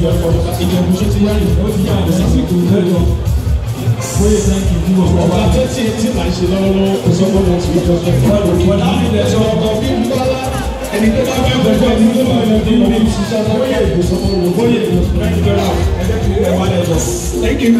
ọkọ̀ èdè ọmọṣẹ́ ti yá yìí ó ti yá àgbẹ̀ sásìkò lẹ́yọ. Wọ́n yẹ sáyẹn kì í dúró ọ̀pọ̀. Ọba tó ti ti máa ṣe lọ́wọ́lọ́wọ́ kò sọ fún ọmọ ìjọ fún ọmọ ìjọ. Wọ́n á fi lẹ̀ sọ ọkọ̀ bí n bá lá. Ẹni tó bá fẹ́ gbẹ̀gbẹ́ ẹni tó bá yọ ní ìlú ìṣiṣẹ́ àtàwọn yẹ ìgbésọ̀ fún ọmọ bóyá ìgbésọ̀ ẹni tó rà ẹgbẹ́ kiri ẹ̀wá lẹ̀ lọ. Thank you.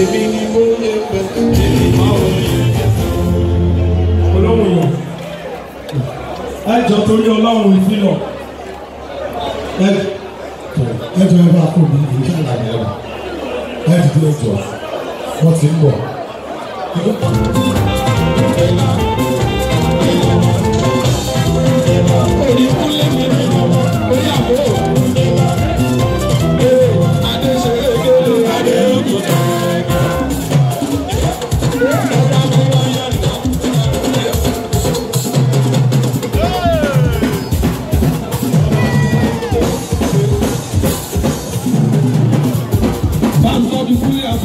Èmi ni mo yẹ pẹ̀lú èmi máa wọ Ọlọ́run yàn. Ẹ jọ torí Ọlọ́run ìfilọ̀ ẹ tó ẹ jọ ẹ bá kó mi ìlú iṣẹ́ àlàyé ẹ bá ẹ dìde ẹ jọ wọ́n ti ń bọ̀.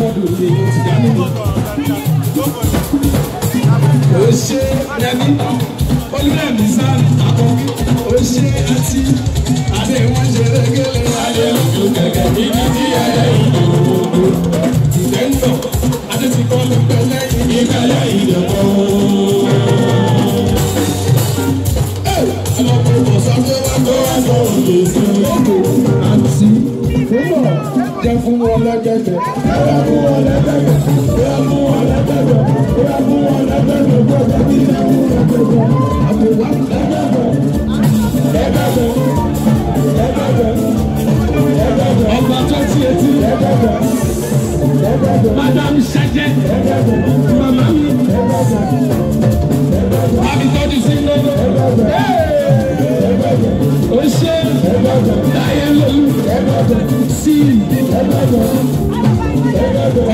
mọ́dù ní ìyáni mi. ó ṣe yẹni olùdẹ̀mí sáà àkọ́kí ó Madame Sade, mama mi, abitọ́jú sí iná, ó ṣe láyé lólu sí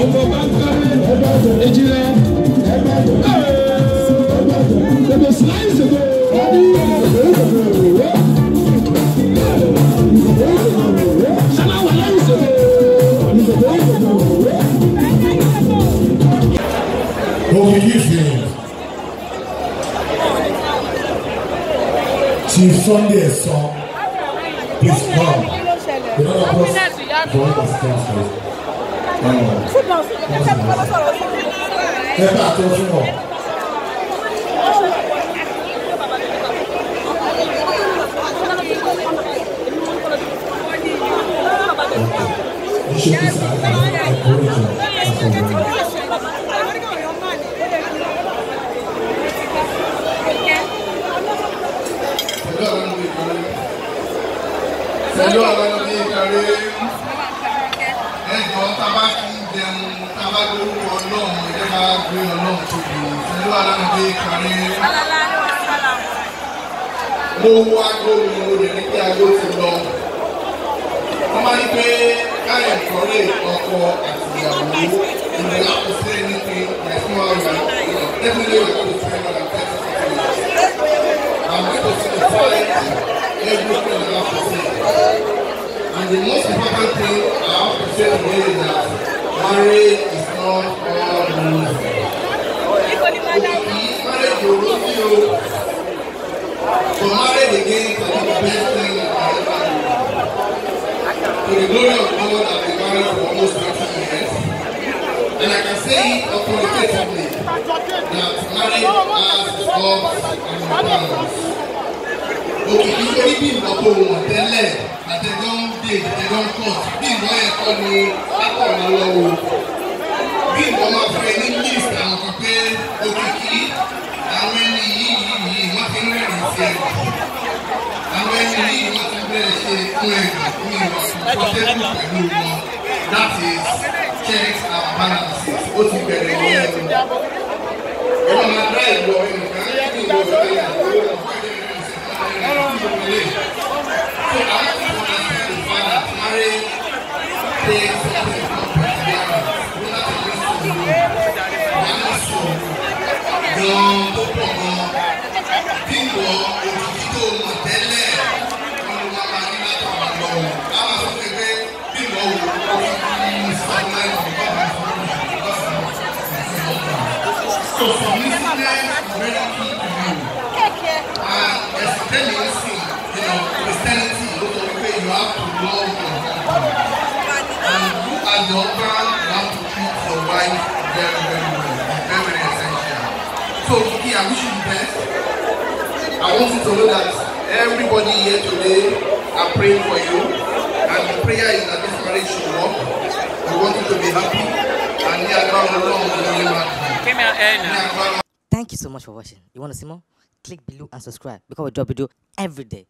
ọmọ bá ń kọ́lé èjìlá. Chief Sunday Ẹ̀sán please come the Lord of us for all of ẹ bá a tó fún ọ. Thank you. pẹ̀lú ọ̀rọ̀ ní ìkàrí ẹ̀jọ̀ tábà kí n jẹun tábà lórúkọ ọlọ́run ẹ̀jẹ̀ bá gbé ọlọ́run tóbi pẹ̀lú ọ̀rọ̀ ní ìkàrí. mo wá gbóhùn mo lè ní kí aago ti lọ. And the most important thing I have to say today is that marriage is not all losing. Marriage will lose you. To marry again is the best thing you can ever do. To the glory of God, I've been married for almost 30 years. And I can say it authoritatively that marriage has its ups and downs òkìkí lórí bí nǹkan tó wọ̀n tẹ́lẹ̀ àtẹ̀jọ́ ń dè àtẹ̀jọ́ ń pọ̀ bí nǹkan yẹn kọ́ ni látọ̀rọ̀ lọ́wọ́ bí nǹkan máa fún ẹ ní list àwọn kan pé òkìkí àwọn ẹni yìí yìí yìí wọ́n ti ń rẹ̀rìn sí ẹ̀ àwọn ẹni yìí wọ́n ti bẹ̀rẹ̀ ṣe fún ẹ̀ fún ìwà ìfọ̀tẹ́kù pẹ̀lú wọn láti check our balances ó ti bẹ̀rẹ̀ wọn gan tó pọ̀ gan bí wọ́n òbí tó mọ̀ tẹ́lẹ̀. I wish you the best. I want you to know that everybody here today, are praying for you. And the prayer is that this marriage should work. We want you to be happy. And we are going to Thank you so much for watching. You want to see more? Click below and subscribe because we drop video every day.